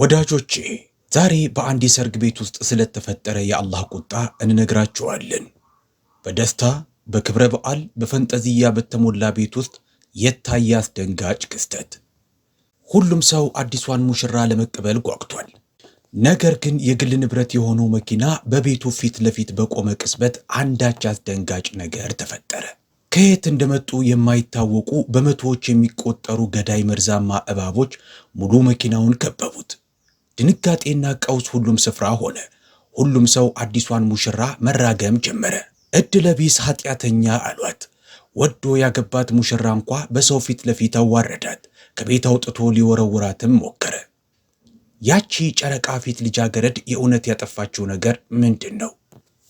ወዳጆቼ ዛሬ በአንድ የሰርግ ቤት ውስጥ ስለተፈጠረ የአላህ ቁጣ እንነግራችኋለን። በደስታ በክብረ በዓል በፈንጠዚያ በተሞላ ቤት ውስጥ የታየ አስደንጋጭ ክስተት። ሁሉም ሰው አዲሷን ሙሽራ ለመቀበል ጓግቷል። ነገር ግን የግል ንብረት የሆነው መኪና በቤቱ ፊት ለፊት በቆመ ቅጽበት አንዳች አስደንጋጭ ነገር ተፈጠረ። ከየት እንደመጡ የማይታወቁ በመቶዎች የሚቆጠሩ ገዳይ መርዛማ እባቦች ሙሉ መኪናውን ከበቡት። ድንጋጤና ቀውስ ሁሉም ስፍራ ሆነ። ሁሉም ሰው አዲሷን ሙሽራ መራገም ጀመረ። እድለ ቢስ ኃጢአተኛ አሏት። ወዶ ያገባት ሙሽራ እንኳ በሰው ፊት ለፊት አዋረዳት። ከቤት አውጥቶ ሊወረውራትም ሞከረ። ያቺ ጨረቃ ፊት ልጃገረድ የእውነት ያጠፋችው ነገር ምንድን ነው?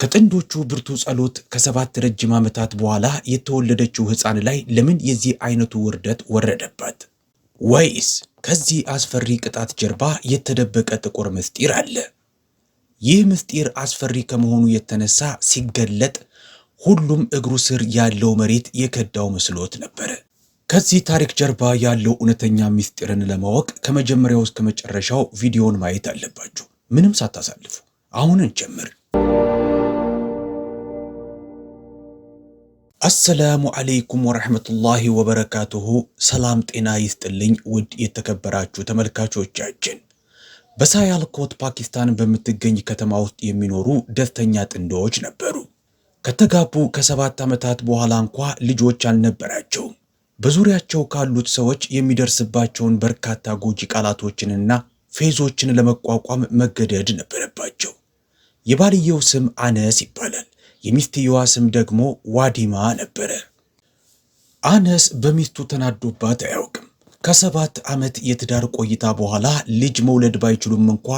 ከጥንዶቹ ብርቱ ጸሎት ከሰባት ረጅም ዓመታት በኋላ የተወለደችው ሕፃን ላይ ለምን የዚህ አይነቱ ውርደት ወረደባት? ወይስ ከዚህ አስፈሪ ቅጣት ጀርባ የተደበቀ ጥቁር ምስጢር አለ። ይህ ምስጢር አስፈሪ ከመሆኑ የተነሳ ሲገለጥ ሁሉም እግሩ ስር ያለው መሬት የከዳው መስሎት ነበረ። ከዚህ ታሪክ ጀርባ ያለው እውነተኛ ምስጢርን ለማወቅ ከመጀመሪያው እስከ መጨረሻው ቪዲዮን ማየት አለባችሁ፣ ምንም ሳታሳልፉ። አሁን እንጀምር። አሰላሙ አለይኩም ወረሕመቱላሂ ወበረካቱሁ። ሰላም ጤና ይስጥልኝ ውድ የተከበራችሁ ተመልካቾቻችን በሳያልኮት ፓኪስታን በምትገኝ ከተማ ውስጥ የሚኖሩ ደስተኛ ጥንዶች ነበሩ። ከተጋቡ ከሰባት ዓመታት በኋላ እንኳ ልጆች አልነበራቸውም። በዙሪያቸው ካሉት ሰዎች የሚደርስባቸውን በርካታ ጎጂ ቃላቶችንና ፌዞችን ለመቋቋም መገደድ ነበረባቸው። የባልየው ስም አነስ ይባላል። የሚስትየዋ ስም ደግሞ ዋዲማ ነበረ። አነስ በሚስቱ ተናዶባት አያውቅም። ከሰባት ዓመት የትዳር ቆይታ በኋላ ልጅ መውለድ ባይችሉም እንኳ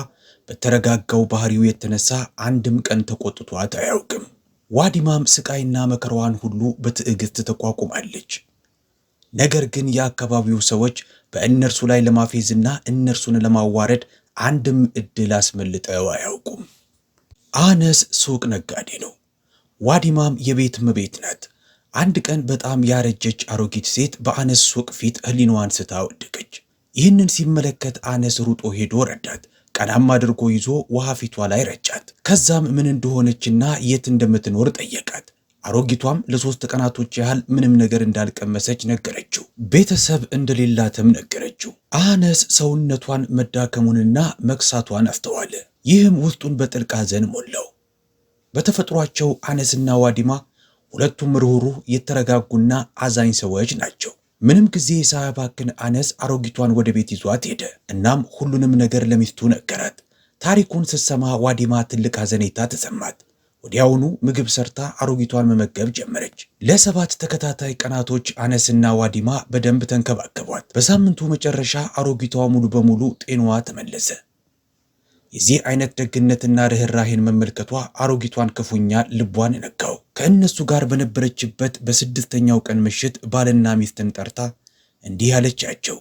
በተረጋጋው ባህሪው የተነሳ አንድም ቀን ተቆጥቷት አያውቅም። ዋዲማም ስቃይና መከራዋን ሁሉ በትዕግስት ተቋቁማለች። ነገር ግን የአካባቢው ሰዎች በእነርሱ ላይ ለማፌዝና እነርሱን ለማዋረድ አንድም ዕድል አስመልጠው አያውቁም። አነስ ሱቅ ነጋዴ ነው። ዋዲማም የቤት እመቤት ናት። አንድ ቀን በጣም ያረጀች አሮጊት ሴት በአነስ ሱቅ ፊት ህሊናዋን ስታ ወደቀች። ይህንን ሲመለከት አነስ ሩጦ ሄዶ ረዳት። ቀናም አድርጎ ይዞ ውሃ ፊቷ ላይ ረጫት። ከዛም ምን እንደሆነችና የት እንደምትኖር ጠየቃት። አሮጊቷም ለሶስት ቀናቶች ያህል ምንም ነገር እንዳልቀመሰች ነገረችው። ቤተሰብ እንደሌላትም ነገረችው። አነስ ሰውነቷን መዳከሙንና መክሳቷን አስተዋለ። ይህም ውስጡን በጥልቅ ሐዘን ሞላው። በተፈጥሯቸው አነስና ዋዲማ ሁለቱም ርኅሩህ የተረጋጉና አዛኝ ሰዎች ናቸው። ምንም ጊዜ ሳያባክን አነስ አሮጊቷን ወደ ቤት ይዟት ሄደ። እናም ሁሉንም ነገር ለሚስቱ ነገራት። ታሪኩን ስትሰማ ዋዲማ ትልቅ አዘኔታ ተሰማት። ወዲያውኑ ምግብ ሰርታ አሮጊቷን መመገብ ጀመረች። ለሰባት ተከታታይ ቀናቶች አነስና ዋዲማ በደንብ ተንከባከቧት። በሳምንቱ መጨረሻ አሮጊቷ ሙሉ በሙሉ ጤናዋ ተመለሰ። የዚህ አይነት ደግነትና ርኅራሄን መመልከቷ አሮጊቷን ክፉኛ ልቧን ነካው። ከእነሱ ጋር በነበረችበት በስድስተኛው ቀን ምሽት ባልና ሚስትን ጠርታ እንዲህ አለቻቸው።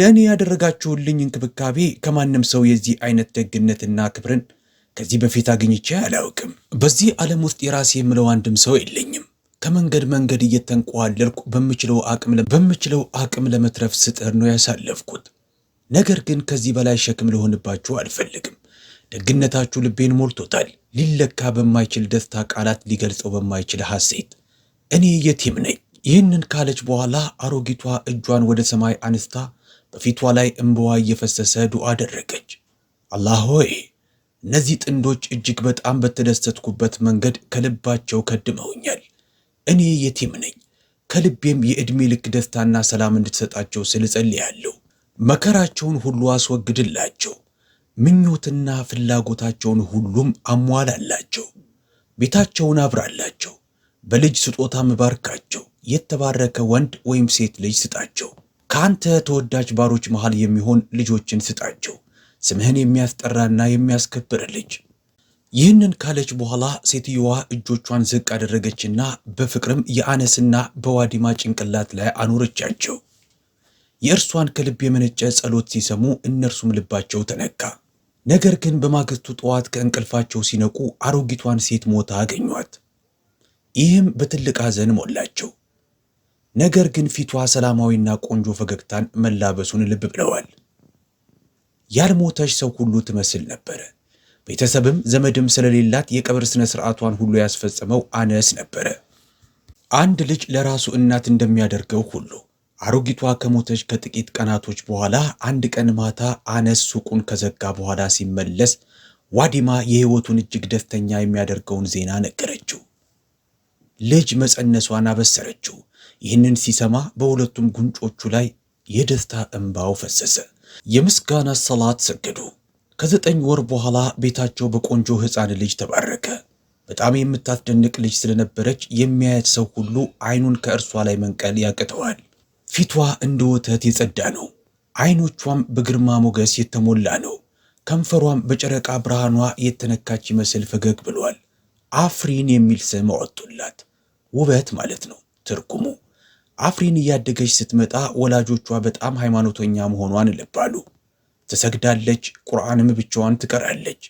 ለእኔ ያደረጋችሁልኝ እንክብካቤ ከማንም ሰው የዚህ አይነት ደግነትና ክብርን ከዚህ በፊት አግኝቼ አላውቅም። በዚህ ዓለም ውስጥ የራሴ የምለው አንድም ሰው የለኝም። ከመንገድ መንገድ እየተንቋለልኩ በምችለው አቅም ለመትረፍ ስጥር ነው ያሳለፍኩት። ነገር ግን ከዚህ በላይ ሸክም ልሆንባችሁ አልፈልግም። ደግነታችሁ ልቤን ሞልቶታል። ሊለካ በማይችል ደስታ፣ ቃላት ሊገልጸው በማይችል ሐሴት እኔ የቲም ነኝ። ይህንን ካለች በኋላ አሮጊቷ እጇን ወደ ሰማይ አንስታ በፊቷ ላይ እምበዋ እየፈሰሰ ዱዓ አደረገች። አላህ ሆይ እነዚህ ጥንዶች እጅግ በጣም በተደሰትኩበት መንገድ ከልባቸው ከድመውኛል። እኔ የቲም ነኝ። ከልቤም የዕድሜ ልክ ደስታና ሰላም እንድትሰጣቸው ስል ጸልያለሁ። መከራቸውን ሁሉ አስወግድላቸው፣ ምኞትና ፍላጎታቸውን ሁሉም አሟላላቸው፣ ቤታቸውን አብራላቸው፣ በልጅ ስጦታ ምባርካቸው፣ የተባረከ ወንድ ወይም ሴት ልጅ ስጣቸው፣ ከአንተ ተወዳጅ ባሮች መሃል የሚሆን ልጆችን ስጣቸው፣ ስምህን የሚያስጠራና የሚያስከብር ልጅ። ይህንን ካለች በኋላ ሴትየዋ እጆቿን ዝቅ አደረገችና በፍቅርም የአነስና በዋዲማ ጭንቅላት ላይ አኖረቻቸው። የእርሷን ከልብ የመነጨ ጸሎት ሲሰሙ እነርሱም ልባቸው ተነካ። ነገር ግን በማግስቱ ጠዋት ከእንቅልፋቸው ሲነቁ አሮጊቷን ሴት ሞታ አገኟት። ይህም በትልቅ ሐዘን ሞላቸው። ነገር ግን ፊቷ ሰላማዊና ቆንጆ ፈገግታን መላበሱን ልብ ብለዋል። ያልሞተች ሰው ሁሉ ትመስል ነበረ። ቤተሰብም ዘመድም ስለሌላት የቀብር ሥነ ሥርዓቷን ሁሉ ያስፈጸመው አነስ ነበረ። አንድ ልጅ ለራሱ እናት እንደሚያደርገው ሁሉ አሮጊቷ ከሞተች ከጥቂት ቀናቶች በኋላ አንድ ቀን ማታ አነስ ሱቁን ከዘጋ በኋላ ሲመለስ ዋዲማ የህይወቱን እጅግ ደስተኛ የሚያደርገውን ዜና ነገረችው። ልጅ መጸነሷን አበሰረችው። ይህንን ሲሰማ በሁለቱም ጉንጮቹ ላይ የደስታ እንባው ፈሰሰ። የምስጋና ሰላት ሰገዱ። ከዘጠኝ ወር በኋላ ቤታቸው በቆንጆ ሕፃን ልጅ ተባረከ። በጣም የምታስደንቅ ልጅ ስለነበረች የሚያያት ሰው ሁሉ አይኑን ከእርሷ ላይ መንቀል ያቅተዋል። ፊቷ እንደ ወተት የጸዳ ነው። አይኖቿም በግርማ ሞገስ የተሞላ ነው። ከንፈሯም በጨረቃ ብርሃኗ የተነካች ይመስል ፈገግ ብሏል። አፍሪን የሚል ስም አወጡላት። ውበት ማለት ነው ትርጉሙ። አፍሪን እያደገች ስትመጣ ወላጆቿ በጣም ሃይማኖተኛ መሆኗን ልባሉ። ትሰግዳለች፣ ቁርአንም ብቻዋን ትቀራለች።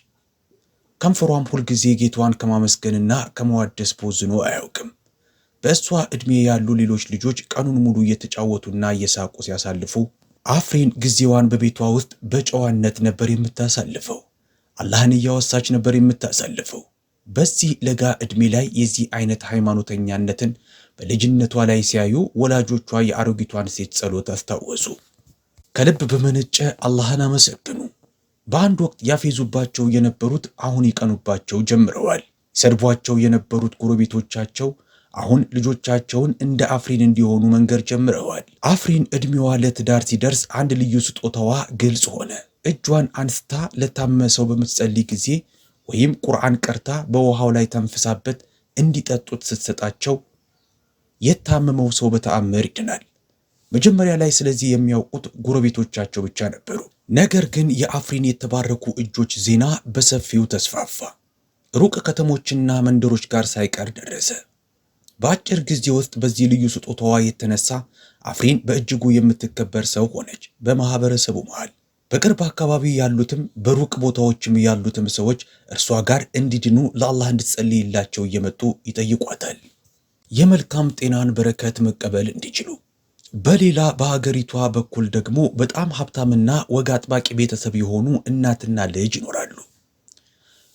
ከንፈሯም ሁልጊዜ ጌቷን ከማመስገንና ከመዋደስ ቦዝኖ አያውቅም። በእሷ ዕድሜ ያሉ ሌሎች ልጆች ቀኑን ሙሉ እየተጫወቱና እየሳቁ ሲያሳልፉ አፍሬን ጊዜዋን በቤቷ ውስጥ በጨዋነት ነበር የምታሳልፈው። አላህን እያወሳች ነበር የምታሳልፈው። በዚህ ለጋ ዕድሜ ላይ የዚህ አይነት ሃይማኖተኛነትን በልጅነቷ ላይ ሲያዩ ወላጆቿ የአሮጊቷን ሴት ጸሎት አስታወሱ። ከልብ በመነጨ አላህን አመሰግኑ። በአንድ ወቅት ያፌዙባቸው የነበሩት አሁን ይቀኑባቸው ጀምረዋል። ሰድቧቸው የነበሩት ጎረቤቶቻቸው አሁን ልጆቻቸውን እንደ አፍሪን እንዲሆኑ መንገድ ጀምረዋል። አፍሪን ዕድሜዋ ለትዳር ሲደርስ አንድ ልዩ ስጦታዋ ግልጽ ሆነ። እጇን አንስታ ለታመሰው በምትጸልይ ጊዜ ወይም ቁርአን ቀርታ በውሃው ላይ ተንፍሳበት እንዲጠጡት ስትሰጣቸው የታመመው ሰው በተአምር ይድናል። መጀመሪያ ላይ ስለዚህ የሚያውቁት ጎረቤቶቻቸው ብቻ ነበሩ። ነገር ግን የአፍሪን የተባረኩ እጆች ዜና በሰፊው ተስፋፋ። ሩቅ ከተሞችና መንደሮች ጋር ሳይቀር ደረሰ። በአጭር ጊዜ ውስጥ በዚህ ልዩ ስጦታዋ የተነሳ አፍሪን በእጅጉ የምትከበር ሰው ሆነች። በማህበረሰቡ መሃል በቅርብ አካባቢ ያሉትም በሩቅ ቦታዎችም ያሉትም ሰዎች እርሷ ጋር እንዲድኑ ለአላህ እንድትጸልይላቸው እየመጡ ይጠይቋታል። የመልካም ጤናን በረከት መቀበል እንዲችሉ። በሌላ በሀገሪቷ በኩል ደግሞ በጣም ሀብታምና ወግ አጥባቂ ቤተሰብ የሆኑ እናትና ልጅ ይኖራሉ።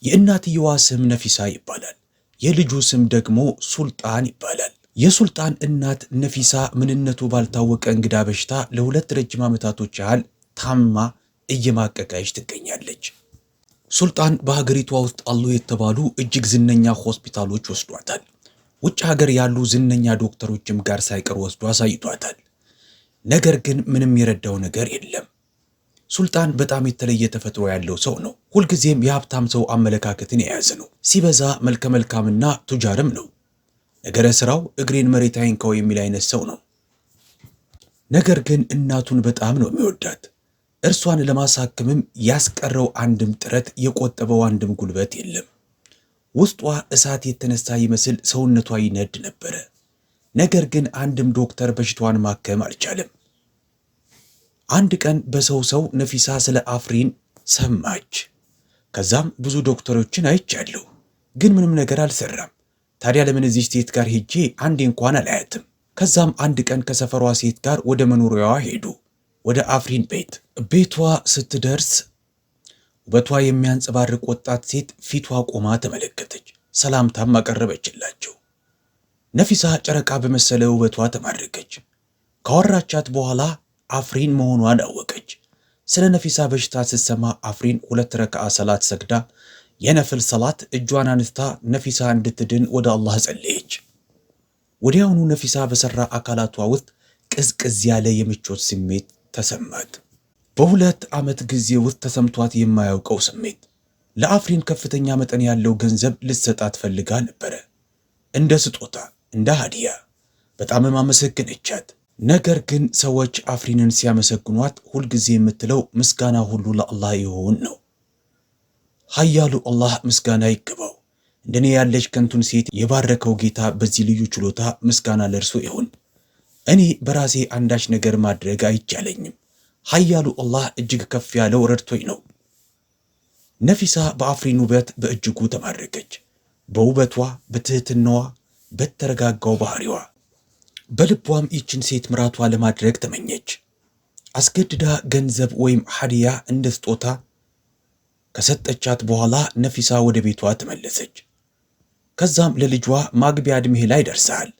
የእናትየዋ ስም ነፊሳ ይባላል። የልጁ ስም ደግሞ ሱልጣን ይባላል። የሱልጣን እናት ነፊሳ ምንነቱ ባልታወቀ እንግዳ በሽታ ለሁለት ረጅም ዓመታቶች ያህል ታማ እየማቀቀች ትገኛለች። ሱልጣን በሀገሪቷ ውስጥ አሉ የተባሉ እጅግ ዝነኛ ሆስፒታሎች ወስዷታል። ውጭ ሀገር ያሉ ዝነኛ ዶክተሮችም ጋር ሳይቀር ወስዶ አሳይቷታል። ነገር ግን ምንም የረዳው ነገር የለም። ሱልጣን በጣም የተለየ ተፈጥሮ ያለው ሰው ነው። ሁልጊዜም የሀብታም ሰው አመለካከትን የያዘ ነው። ሲበዛ መልከ መልካምና ቱጃርም ነው። ነገረ ስራው እግሬን መሬት አይንካው የሚል አይነት ሰው ነው። ነገር ግን እናቱን በጣም ነው የሚወዳት። እርሷን ለማሳክምም ያስቀረው አንድም ጥረት፣ የቆጠበው አንድም ጉልበት የለም። ውስጧ እሳት የተነሳ ይመስል ሰውነቷ ይነድ ነበረ። ነገር ግን አንድም ዶክተር በሽታዋን ማከም አልቻለም። አንድ ቀን በሰው ሰው ነፊሳ ስለ አፍሪን ሰማች። ከዛም ብዙ ዶክተሮችን አይቻለሁ፣ ግን ምንም ነገር አልሰራም። ታዲያ ለምን እዚህ ሴት ጋር ሄጄ አንዴ እንኳን አላያትም? ከዛም አንድ ቀን ከሰፈሯ ሴት ጋር ወደ መኖሪያዋ ሄዱ፣ ወደ አፍሪን ቤት። ቤቷ ስትደርስ ውበቷ የሚያንጸባርቅ ወጣት ሴት ፊቷ ቆማ ተመለከተች። ሰላምታም አቀረበችላቸው። ነፊሳ ጨረቃ በመሰለ ውበቷ ተማረከች። ካወራቻት በኋላ አፍሪን መሆኗን አወቀች። ስለ ነፊሳ በሽታ ስትሰማ አፍሪን ሁለት ረከዓ ሰላት ሰግዳ የነፍል ሰላት እጇን አንስታ ነፊሳ እንድትድን ወደ አላህ ጸለየች። ወዲያውኑ ነፊሳ በሠራ አካላቷ ውስጥ ቅዝቅዝ ያለ የምቾት ስሜት ተሰማት። በሁለት ዓመት ጊዜ ውስጥ ተሰምቷት የማያውቀው ስሜት። ለአፍሪን ከፍተኛ መጠን ያለው ገንዘብ ልትሰጣት ፈልጋ ነበረ፣ እንደ ስጦታ እንደ ሃዲያ። በጣም ማመሰግነቻት ነገር ግን ሰዎች አፍሪንን ሲያመሰግኗት ሁልጊዜ የምትለው ምስጋና ሁሉ ለአላህ ይሁን ነው። ሀያሉ አላህ ምስጋና ይገባው። እንደኔ ያለች ከንቱን ሴት የባረከው ጌታ በዚህ ልዩ ችሎታ ምስጋና ለእርሱ ይሁን። እኔ በራሴ አንዳች ነገር ማድረግ አይቻለኝም። ሀያሉ አላህ እጅግ ከፍ ያለው ረድቶኝ ነው። ነፊሳ በአፍሪን ውበት በእጅጉ ተማረከች። በውበቷ፣ በትህትናዋ፣ በተረጋጋው ባህሪዋ በልቧም ይችን ሴት ምራቷ ለማድረግ ተመኘች። አስገድዳ ገንዘብ ወይም ሀዲያ እንደ ስጦታ ከሰጠቻት በኋላ ነፊሳ ወደ ቤቷ ተመለሰች። ከዛም ለልጇ ማግቢያ ዕድሜ ላይ ደርሰሃል።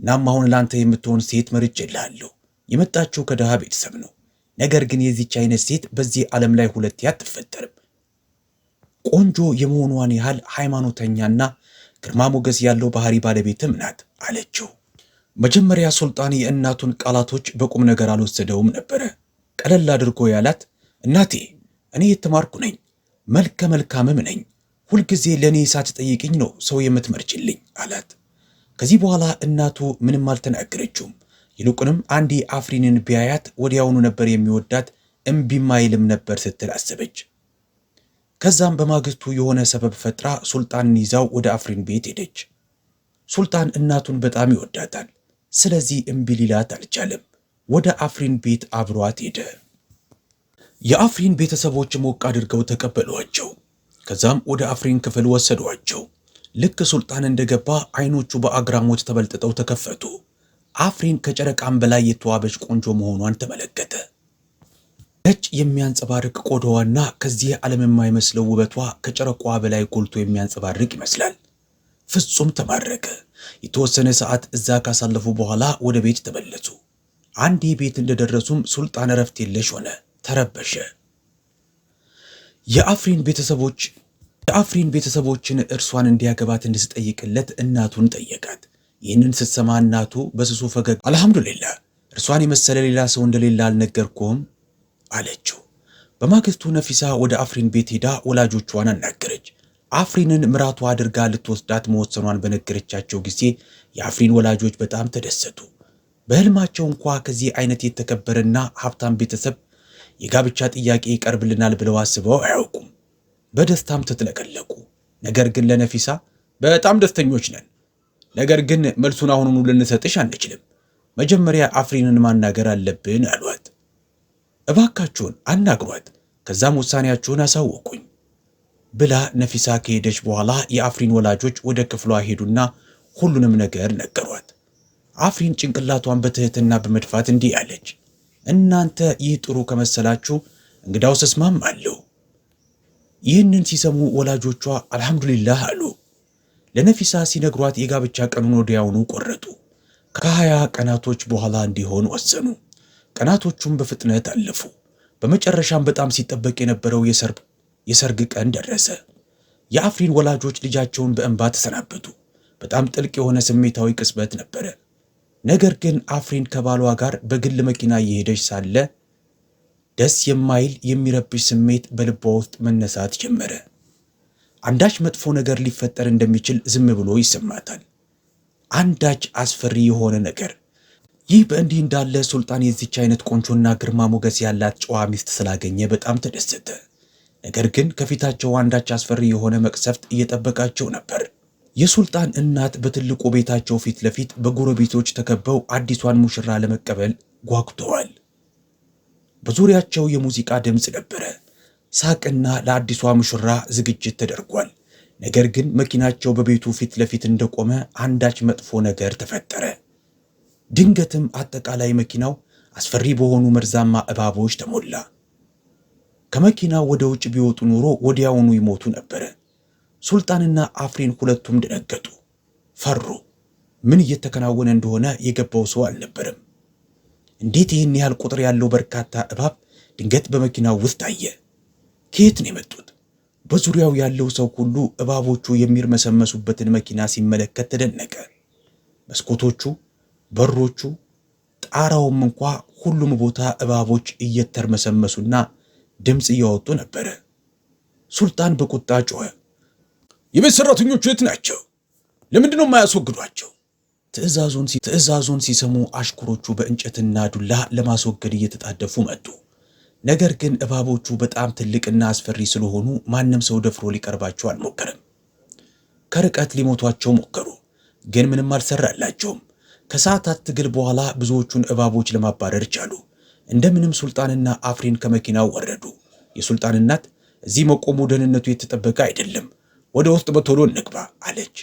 እናም አሁን ለአንተ የምትሆን ሴት መርጬልሃለሁ። የመጣችው ከድሃ ቤተሰብ ነው። ነገር ግን የዚች አይነት ሴት በዚህ ዓለም ላይ ሁለቴ አትፈጠርም። ቆንጆ የመሆኗን ያህል ሃይማኖተኛና ግርማ ሞገስ ያለው ባህሪ ባለቤትም ናት አለችው። መጀመሪያ ሱልጣን የእናቱን ቃላቶች በቁም ነገር አልወሰደውም ነበረ። ቀለል አድርጎ ያላት እናቴ እኔ የተማርኩ ነኝ፣ መልከ መልካምም ነኝ፣ ሁልጊዜ ለእኔ ሳትጠይቅኝ ነው ሰው የምትመርጭልኝ አላት። ከዚህ በኋላ እናቱ ምንም አልተናገረችውም። ይልቁንም አንዴ አፍሪንን ቢያያት ወዲያውኑ ነበር የሚወዳት፣ እምቢም አይልም ነበር ስትል አሰበች። ከዛም በማግስቱ የሆነ ሰበብ ፈጥራ ሱልጣንን ይዛው ወደ አፍሪን ቤት ሄደች። ሱልጣን እናቱን በጣም ይወዳታል። ስለዚህ እምቢ ሊላት አልቻለም። ወደ አፍሪን ቤት አብሯት ሄደ። የአፍሪን ቤተሰቦች ሞቅ አድርገው ተቀበሏቸው። ከዛም ወደ አፍሪን ክፍል ወሰዷቸው። ልክ ሱልጣን እንደገባ አይኖቹ በአግራሞች ተበልጥጠው ተከፈቱ። አፍሪን ከጨረቃም በላይ የተዋበች ቆንጆ መሆኗን ተመለከተ። ነጭ የሚያንጸባርቅ ቆዳዋና ከዚህ ዓለም የማይመስለው ውበቷ ከጨረቋ በላይ ጎልቶ የሚያንጸባርቅ ይመስላል። ፍጹም ተማረከ። የተወሰነ ሰዓት እዛ ካሳለፉ በኋላ ወደ ቤት ተመለሱ። አንዴ ቤት እንደደረሱም ሱልጣን እረፍት የለሽ ሆነ፣ ተረበሸ። የአፍሪን ቤተሰቦች የአፍሪን ቤተሰቦችን እርሷን እንዲያገባት እንድትጠይቅለት እናቱን ጠየቃት። ይህንን ስትሰማ እናቱ በስሱ ፈገግ አልሐምዱሊላ እርሷን የመሰለ ሌላ ሰው እንደሌለ አልነገርኩም አለችው። በማግስቱ ነፊሳ ወደ አፍሪን ቤት ሄዳ ወላጆቿን አናገረች። አፍሪንን ምራቷ አድርጋ ልትወስዳት መወሰኗን በነገረቻቸው ጊዜ የአፍሪን ወላጆች በጣም ተደሰቱ። በህልማቸው እንኳ ከዚህ አይነት የተከበረና ሀብታም ቤተሰብ የጋብቻ ጥያቄ ይቀርብልናል ብለው አስበው አያውቁም። በደስታም ተጥለቀለቁ። ነገር ግን ለነፊሳ በጣም ደስተኞች ነን፣ ነገር ግን መልሱን አሁኑኑ ልንሰጥሽ አንችልም፣ መጀመሪያ አፍሪንን ማናገር አለብን አሏት። እባካችሁን አናግሯት፣ ከዛም ውሳኔያችሁን አሳወቁኝ ብላ ነፊሳ ከሄደች በኋላ የአፍሪን ወላጆች ወደ ክፍሏ ሄዱና ሁሉንም ነገር ነገሯት። አፍሪን ጭንቅላቷን በትህትና በመድፋት እንዲህ አለች፣ እናንተ ይህ ጥሩ ከመሰላችሁ ስስማም አለው። ይህንን ሲሰሙ ወላጆቿ አልሐምዱሊላህ አሉ። ለነፊሳ ሲነግሯት የጋብቻ ቀኑን ወዲያውኑ ቆረጡ። ከሀያ ቀናቶች በኋላ እንዲሆን ወሰኑ። ቀናቶቹም በፍጥነት አለፉ። በመጨረሻም በጣም ሲጠበቅ የነበረው የሰርግ የሰርግ ቀን ደረሰ። የአፍሪን ወላጆች ልጃቸውን በእንባ ተሰናበቱ። በጣም ጥልቅ የሆነ ስሜታዊ ቅጽበት ነበረ። ነገር ግን አፍሪን ከባሏ ጋር በግል መኪና እየሄደች ሳለ ደስ የማይል የሚረብሽ ስሜት በልቧ ውስጥ መነሳት ጀመረ። አንዳች መጥፎ ነገር ሊፈጠር እንደሚችል ዝም ብሎ ይሰማታል። አንዳች አስፈሪ የሆነ ነገር። ይህ በእንዲህ እንዳለ ሱልጣን የዚች አይነት ቆንጆና ግርማ ሞገስ ያላት ጨዋ ሚስት ስላገኘ በጣም ተደሰተ። ነገር ግን ከፊታቸው አንዳች አስፈሪ የሆነ መቅሰፍት እየጠበቃቸው ነበር። የሱልጣን እናት በትልቁ ቤታቸው ፊት ለፊት በጎረቤቶች ተከበው አዲሷን ሙሽራ ለመቀበል ጓጉተዋል። በዙሪያቸው የሙዚቃ ድምፅ ነበረ። ሳቅና ለአዲሷ ሙሽራ ዝግጅት ተደርጓል። ነገር ግን መኪናቸው በቤቱ ፊት ለፊት እንደቆመ አንዳች መጥፎ ነገር ተፈጠረ። ድንገትም አጠቃላይ መኪናው አስፈሪ በሆኑ መርዛማ እባቦች ተሞላ። ከመኪናው ወደ ውጭ ቢወጡ ኖሮ ወዲያውኑ ይሞቱ ነበረ። ሱልጣንና አፍሪን ሁለቱም ደነገጡ፣ ፈሩ። ምን እየተከናወነ እንደሆነ የገባው ሰው አልነበረም። እንዴት ይህን ያህል ቁጥር ያለው በርካታ እባብ ድንገት በመኪናው ውስጥ አየ? ከየት ነው የመጡት? በዙሪያው ያለው ሰው ሁሉ እባቦቹ የሚርመሰመሱበትን መኪና ሲመለከት ተደነቀ። መስኮቶቹ፣ በሮቹ፣ ጣራውም እንኳ ሁሉም ቦታ እባቦች እየተርመሰመሱና ድምፅ እያወጡ ነበረ። ሱልጣን በቁጣ ጮኸ። የቤት ሰራተኞቹ የት ናቸው? ለምንድነው የማያስወግዷቸው? ትዕዛዙን ሲሰሙ አሽከሮቹ በእንጨትና ዱላ ለማስወገድ እየተጣደፉ መጡ። ነገር ግን እባቦቹ በጣም ትልቅና አስፈሪ ስለሆኑ ማንም ሰው ደፍሮ ሊቀርባቸው አልሞከረም። ከርቀት ሊሞቷቸው ሞከሩ፣ ግን ምንም አልሰራላቸውም። ከሰዓታት ትግል በኋላ ብዙዎቹን እባቦች ለማባረር ቻሉ። እንደምንም ሱልጣንና አፍሪን ከመኪናው ወረዱ። የሱልጣን እናት እዚህ መቆሙ ደህንነቱ የተጠበቀ አይደለም፣ ወደ ውስጥ በቶሎ እንግባ አለች።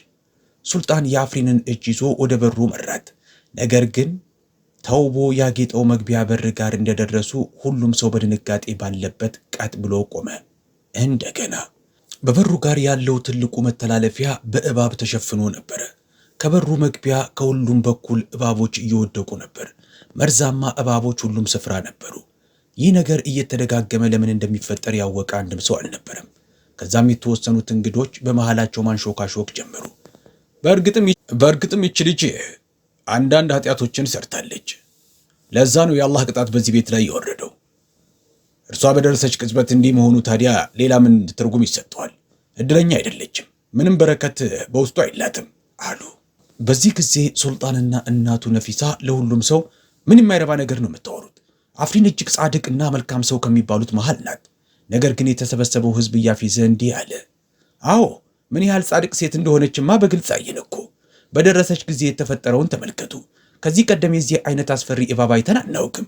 ሱልጣን የአፍሪንን እጅ ይዞ ወደ በሩ መራት። ነገር ግን ተውቦ ያጌጠው መግቢያ በር ጋር እንደደረሱ ሁሉም ሰው በድንጋጤ ባለበት ቀጥ ብሎ ቆመ። እንደገና በበሩ ጋር ያለው ትልቁ መተላለፊያ በእባብ ተሸፍኖ ነበረ። ከበሩ መግቢያ ከሁሉም በኩል እባቦች እየወደቁ ነበር። መርዛማ እባቦች ሁሉም ስፍራ ነበሩ። ይህ ነገር እየተደጋገመ ለምን እንደሚፈጠር ያወቀ አንድም ሰው አልነበረም። ከዛም የተወሰኑት እንግዶች በመሃላቸው ማንሾካሾክ ጀመሩ። በእርግጥም ይች ልጅ አንዳንድ ኃጢአቶችን ሰርታለች። ለዛ ነው የአላህ ቅጣት በዚህ ቤት ላይ የወረደው። እርሷ በደረሰች ቅጽበት እንዲህ መሆኑ ታዲያ ሌላ ምን ትርጉም ይሰጠዋል? እድለኛ አይደለችም፣ ምንም በረከት በውስጡ አይላትም አሉ። በዚህ ጊዜ ሱልጣንና እናቱ ነፊሳ ለሁሉም ሰው ምን የማይረባ ነገር ነው የምታወሩት? አፍሪን እጅግ ጻድቅና መልካም ሰው ከሚባሉት መሃል ናት። ነገር ግን የተሰበሰበው ሕዝብ እያፌዘ እንዲህ አለ። አዎ ምን ያህል ጻድቅ ሴት እንደሆነችማ በግልጽ አየን እኮ። በደረሰች ጊዜ የተፈጠረውን ተመልከቱ። ከዚህ ቀደም የዚህ አይነት አስፈሪ እባብ አይተን አናውቅም።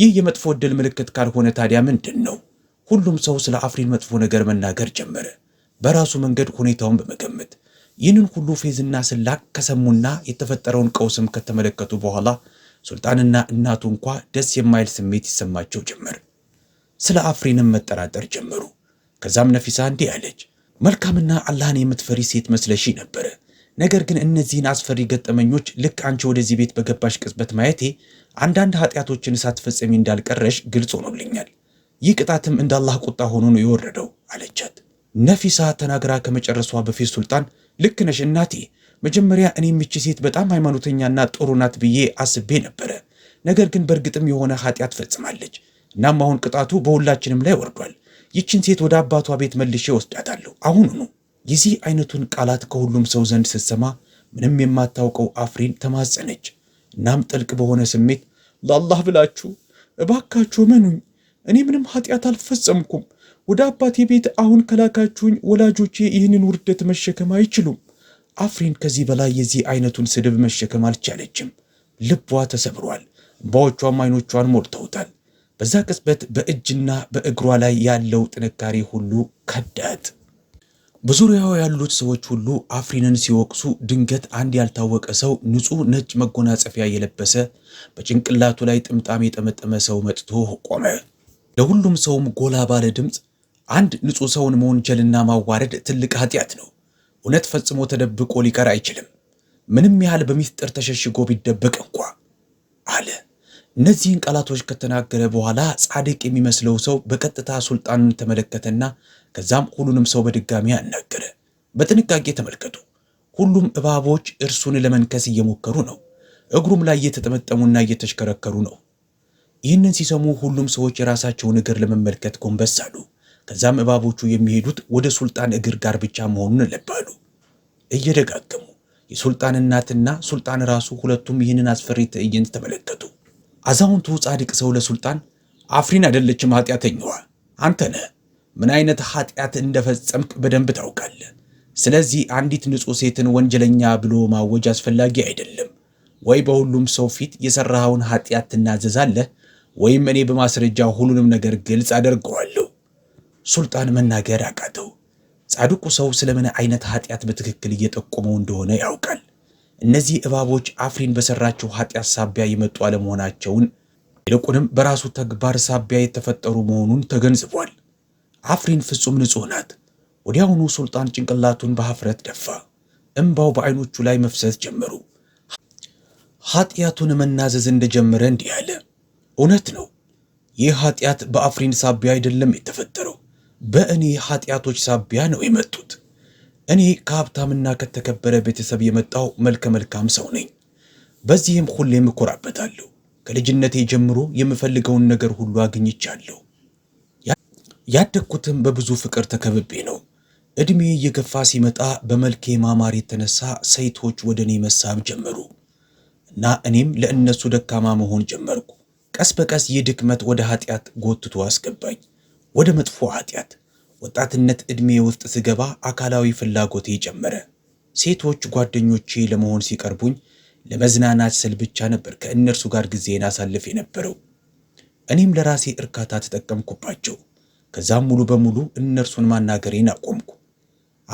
ይህ የመጥፎ ዕድል ምልክት ካልሆነ ታዲያ ምንድን ነው? ሁሉም ሰው ስለ አፍሪን መጥፎ ነገር መናገር ጀመረ፣ በራሱ መንገድ ሁኔታውን በመገመት ይህንን ሁሉ ፌዝና ስላቅ ከሰሙና የተፈጠረውን ቀውስም ከተመለከቱ በኋላ ሱልጣንና እናቱ እንኳ ደስ የማይል ስሜት ይሰማቸው ጀመር። ስለ አፍሪንም መጠራጠር ጀመሩ። ከዛም ነፊሳ እንዲህ አለች፣ መልካምና አላህን የምትፈሪ ሴት መስለሺ ነበረ። ነገር ግን እነዚህን አስፈሪ ገጠመኞች ልክ አንቺ ወደዚህ ቤት በገባሽ ቅጽበት ማየቴ አንዳንድ ኃጢአቶችን ሳትፈጽሚ እንዳልቀረሽ ግልጽ ሆኖልኛል። ይህ ቅጣትም እንደ አላህ ቁጣ ሆኖ ነው የወረደው አለቻት። ነፊሳ ተናግራ ከመጨረሷ በፊት ሱልጣን ልክ ነሽ እናቴ መጀመሪያ እኔም ይቺ ሴት በጣም ሃይማኖተኛና ጥሩ ናት ብዬ አስቤ ነበረ። ነገር ግን በእርግጥም የሆነ ኃጢአት ፈጽማለች። እናም አሁን ቅጣቱ በሁላችንም ላይ ወርዷል። ይችን ሴት ወደ አባቷ ቤት መልሼ ወስዳታለሁ አሁኑኑ። የዚህ አይነቱን ቃላት ከሁሉም ሰው ዘንድ ስትሰማ ምንም የማታውቀው አፍሪን ተማጸነች። እናም ጥልቅ በሆነ ስሜት ለአላህ ብላችሁ እባካችሁ እመኑኝ፣ እኔ ምንም ኃጢአት አልፈጸምኩም። ወደ አባቴ ቤት አሁን ከላካችሁኝ ወላጆቼ ይህንን ውርደት መሸከም አይችሉም። አፍሪን ከዚህ በላይ የዚህ አይነቱን ስድብ መሸከም አልቻለችም። ልቧ ተሰብሯል። እንባዎቿም አይኖቿን ሞልተውታል። በዛ ቅጽበት በእጅና በእግሯ ላይ ያለው ጥንካሬ ሁሉ ከዳት። በዙሪያዋ ያሉት ሰዎች ሁሉ አፍሪንን ሲወቅሱ ድንገት አንድ ያልታወቀ ሰው ንጹሕ ነጭ መጎናጸፊያ የለበሰ በጭንቅላቱ ላይ ጥምጣም የጠመጠመ ሰው መጥቶ ቆመ። ለሁሉም ሰውም ጎላ ባለ ድምፅ አንድ ንጹሕ ሰውን መወንጀልና ማዋረድ ትልቅ ኃጢአት ነው እውነት ፈጽሞ ተደብቆ ሊቀር አይችልም፣ ምንም ያህል በሚስጥር ተሸሽጎ ቢደበቅ እንኳ አለ። እነዚህን ቃላቶች ከተናገረ በኋላ ጻድቅ የሚመስለው ሰው በቀጥታ ሱልጣንን ተመለከተና ከዛም ሁሉንም ሰው በድጋሚ አናገረ። በጥንቃቄ ተመልከቱ። ሁሉም እባቦች እርሱን ለመንከስ እየሞከሩ ነው። እግሩም ላይ እየተጠመጠሙና እየተሽከረከሩ ነው። ይህንን ሲሰሙ ሁሉም ሰዎች የራሳቸውን እግር ለመመልከት ጎንበስ አሉ። ከዛም እባቦቹ የሚሄዱት ወደ ሱልጣን እግር ጋር ብቻ መሆኑን ለባሉ እየደጋገሙ የሱልጣን እናትና ሱልጣን ራሱ ሁለቱም ይህንን አስፈሪ ትዕይንት ተመለከቱ። አዛውንቱ ጻድቅ ሰው ለሱልጣን አፍሪን አይደለችም ኃጢአተኛዋ አንተ ነህ። ምን አይነት ኃጢአት እንደፈጸምክ በደንብ ታውቃለህ። ስለዚህ አንዲት ንጹሕ ሴትን ወንጀለኛ ብሎ ማወጅ አስፈላጊ አይደለም። ወይ በሁሉም ሰው ፊት የሠራኸውን ኃጢአት ትናዘዛለህ፣ ወይም እኔ በማስረጃ ሁሉንም ነገር ግልጽ አደርገዋለሁ። ሱልጣን መናገር አቃተው። ጻድቁ ሰው ስለምን አይነት ኃጢአት በትክክል እየጠቆመው እንደሆነ ያውቃል። እነዚህ እባቦች አፍሪን በሰራቸው ኃጢአት ሳቢያ የመጡ አለመሆናቸውን ይልቁንም በራሱ ተግባር ሳቢያ የተፈጠሩ መሆኑን ተገንዝቧል። አፍሪን ፍጹም ንጹህ ናት። ወዲያውኑ ሱልጣን ጭንቅላቱን በሀፍረት ደፋ። እምባው በዐይኖቹ ላይ መፍሰስ ጀመሩ። ኃጢአቱን መናዘዝ እንደጀመረ እንዲህ አለ። እውነት ነው፣ ይህ ኃጢአት በአፍሪን ሳቢያ አይደለም የተፈጠረው በእኔ ኃጢአቶች ሳቢያ ነው የመጡት። እኔ ከሀብታምና ከተከበረ ቤተሰብ የመጣው መልከ መልካም ሰው ነኝ። በዚህም ሁሌም እኮራበታለሁ። ከልጅነቴ ጀምሮ የምፈልገውን ነገር ሁሉ አግኝቻለሁ። ያደግኩትም በብዙ ፍቅር ተከብቤ ነው። እድሜ እየገፋ ሲመጣ በመልኬ ማማር የተነሳ ሴቶች ወደ እኔ መሳብ ጀመሩ እና እኔም ለእነሱ ደካማ መሆን ጀመርኩ። ቀስ በቀስ ይህ ድክመት ወደ ኃጢአት ጎትቶ አስገባኝ። ወደ መጥፎ ኃጢአት ወጣትነት ዕድሜ ውስጥ ስገባ አካላዊ ፍላጎቴ ጨመረ። ሴቶች ጓደኞቼ ለመሆን ሲቀርቡኝ ለመዝናናት ስል ብቻ ነበር ከእነርሱ ጋር ጊዜን አሳልፍ የነበረው። እኔም ለራሴ እርካታ ተጠቀምኩባቸው። ከዛም ሙሉ በሙሉ እነርሱን ማናገሬን አቆምኩ።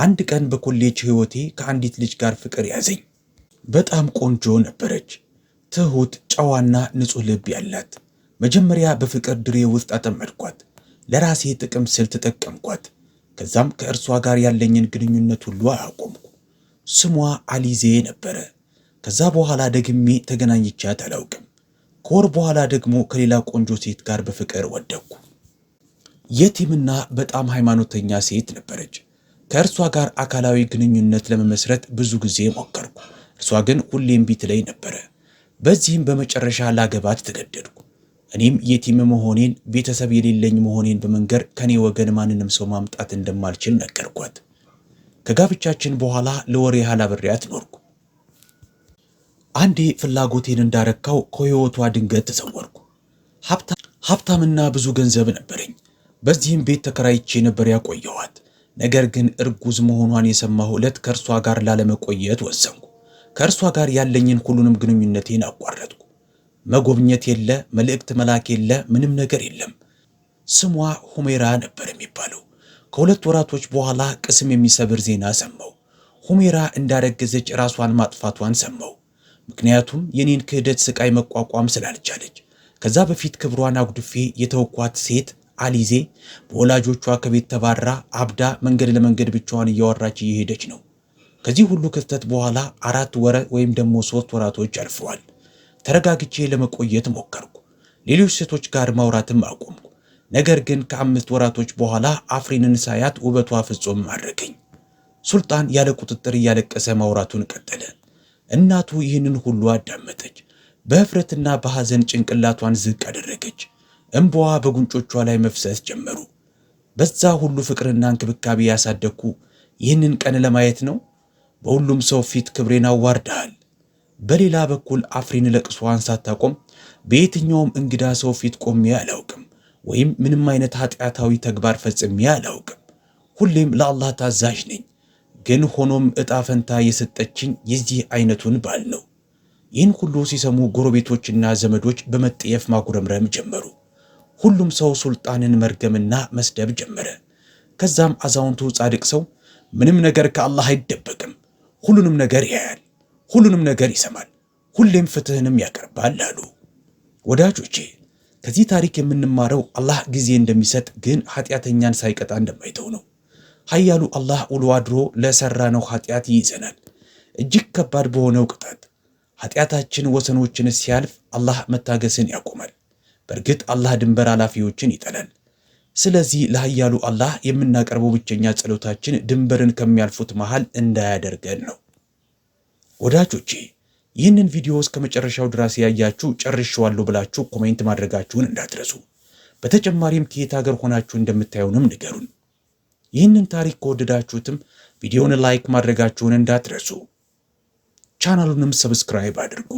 አንድ ቀን በኮሌጅ ሕይወቴ ከአንዲት ልጅ ጋር ፍቅር ያዘኝ። በጣም ቆንጆ ነበረች። ትሑት፣ ጨዋና ንጹሕ ልብ ያላት። መጀመሪያ በፍቅር ድሬ ውስጥ አጠመድኳት። ለራሴ ጥቅም ስል ተጠቀምኳት። ከዛም ከእርሷ ጋር ያለኝን ግንኙነት ሁሉ አቆምኩ። ስሟ አሊዜ ነበረ። ከዛ በኋላ ደግሜ ተገናኝቻት አላውቅም። ከወር በኋላ ደግሞ ከሌላ ቆንጆ ሴት ጋር በፍቅር ወደቅኩ። የቲምና በጣም ሃይማኖተኛ ሴት ነበረች። ከእርሷ ጋር አካላዊ ግንኙነት ለመመስረት ብዙ ጊዜ ሞከርኩ። እርሷ ግን ሁሌም ቢት ላይ ነበረ። በዚህም በመጨረሻ ላገባት ተገደድኩ። እኔም የቲም መሆኔን ቤተሰብ የሌለኝ መሆኔን በመንገር ከኔ ወገን ማንንም ሰው ማምጣት እንደማልችል ነገርኳት። ከጋብቻችን በኋላ ለወር ያህል አብሬያት ኖርኩ። አንዴ ፍላጎቴን እንዳረካው ከህይወቷ ድንገት ተሰወርኩ። ሀብታምና ብዙ ገንዘብ ነበረኝ። በዚህም ቤት ተከራይቼ ነበር ያቆየኋት። ነገር ግን እርጉዝ መሆኗን የሰማሁ ዕለት ከእርሷ ጋር ላለመቆየት ወሰንኩ። ከእርሷ ጋር ያለኝን ሁሉንም ግንኙነቴን አቋረጥኩ። መጎብኘት የለ፣ መልእክት መላክ የለ፣ ምንም ነገር የለም። ስሟ ሁሜራ ነበር የሚባለው። ከሁለት ወራቶች በኋላ ቅስም የሚሰብር ዜና ሰማው። ሁሜራ እንዳረገዘች ራሷን ማጥፋቷን ሰማው። ምክንያቱም የኔን ክህደት ስቃይ መቋቋም ስላልቻለች። ከዛ በፊት ክብሯን አጉድፌ የተወኳት ሴት አሊዜ በወላጆቿ ከቤት ተባራ አብዳ መንገድ ለመንገድ ብቻዋን እያወራች እየሄደች ነው። ከዚህ ሁሉ ክስተት በኋላ አራት ወረ ወይም ደግሞ ሶስት ወራቶች አልፈዋል። ተረጋግቼ ለመቆየት ሞከርኩ። ሌሎች ሴቶች ጋር ማውራትም አቆምኩ። ነገር ግን ከአምስት ወራቶች በኋላ አፍሪንን ሳያት ውበቷ ፍጹም አድረገኝ። ሱልጣን ያለ ቁጥጥር እያለቀሰ ማውራቱን ቀጠለ። እናቱ ይህንን ሁሉ አዳመጠች። በኅፍረትና በሐዘን ጭንቅላቷን ዝቅ አደረገች። እምባዋ በጉንጮቿ ላይ መፍሰስ ጀመሩ። በዛ ሁሉ ፍቅርና እንክብካቤ ያሳደግኩ ይህንን ቀን ለማየት ነው። በሁሉም ሰው ፊት ክብሬን አዋርደሃል። በሌላ በኩል አፍሪን ለቅሶዋን ሳታቆም በየትኛውም እንግዳ ሰው ፊት ቆሜ አላውቅም፣ ወይም ምንም አይነት ኃጢአታዊ ተግባር ፈጽሜ አላውቅም። ሁሌም ለአላህ ታዛዥ ነኝ። ግን ሆኖም እጣ ፈንታ የሰጠችኝ የዚህ አይነቱን ባል ነው። ይህን ሁሉ ሲሰሙ ጎረቤቶችና ዘመዶች በመጠየፍ ማጉረምረም ጀመሩ። ሁሉም ሰው ሱልጣንን መርገምና መስደብ ጀመረ። ከዛም አዛውንቱ ጻድቅ ሰው ምንም ነገር ከአላህ አይደበቅም፣ ሁሉንም ነገር ያያል ሁሉንም ነገር ይሰማል፣ ሁሌም ፍትህንም ያቀርባል አሉ። ወዳጆቼ ከዚህ ታሪክ የምንማረው አላህ ጊዜ እንደሚሰጥ ግን ኃጢአተኛን ሳይቀጣ እንደማይተው ነው። ኃያሉ አላህ ውሎ አድሮ ለሰራነው ኃጢአት ይይዘናል። እጅግ ከባድ በሆነው ቅጣት ኃጢአታችን ወሰኖችን ሲያልፍ አላህ መታገስን ያቆማል። በእርግጥ አላህ ድንበር ኃላፊዎችን ይጠላል። ስለዚህ ለኃያሉ አላህ የምናቀርበው ብቸኛ ጸሎታችን ድንበርን ከሚያልፉት መሃል እንዳያደርገን ነው። ወዳጆቼ ይህንን ቪዲዮ እስከ መጨረሻው ድረስ ያያችሁ ጨርሼዋለሁ ብላችሁ ኮሜንት ማድረጋችሁን እንዳትረሱ። በተጨማሪም ከየት ሀገር ሆናችሁ እንደምታዩንም ንገሩን። ይህንን ታሪክ ከወደዳችሁትም ቪዲዮውን ላይክ ማድረጋችሁን እንዳትረሱ። ቻናሉንም ሰብስክራይብ አድርጉ።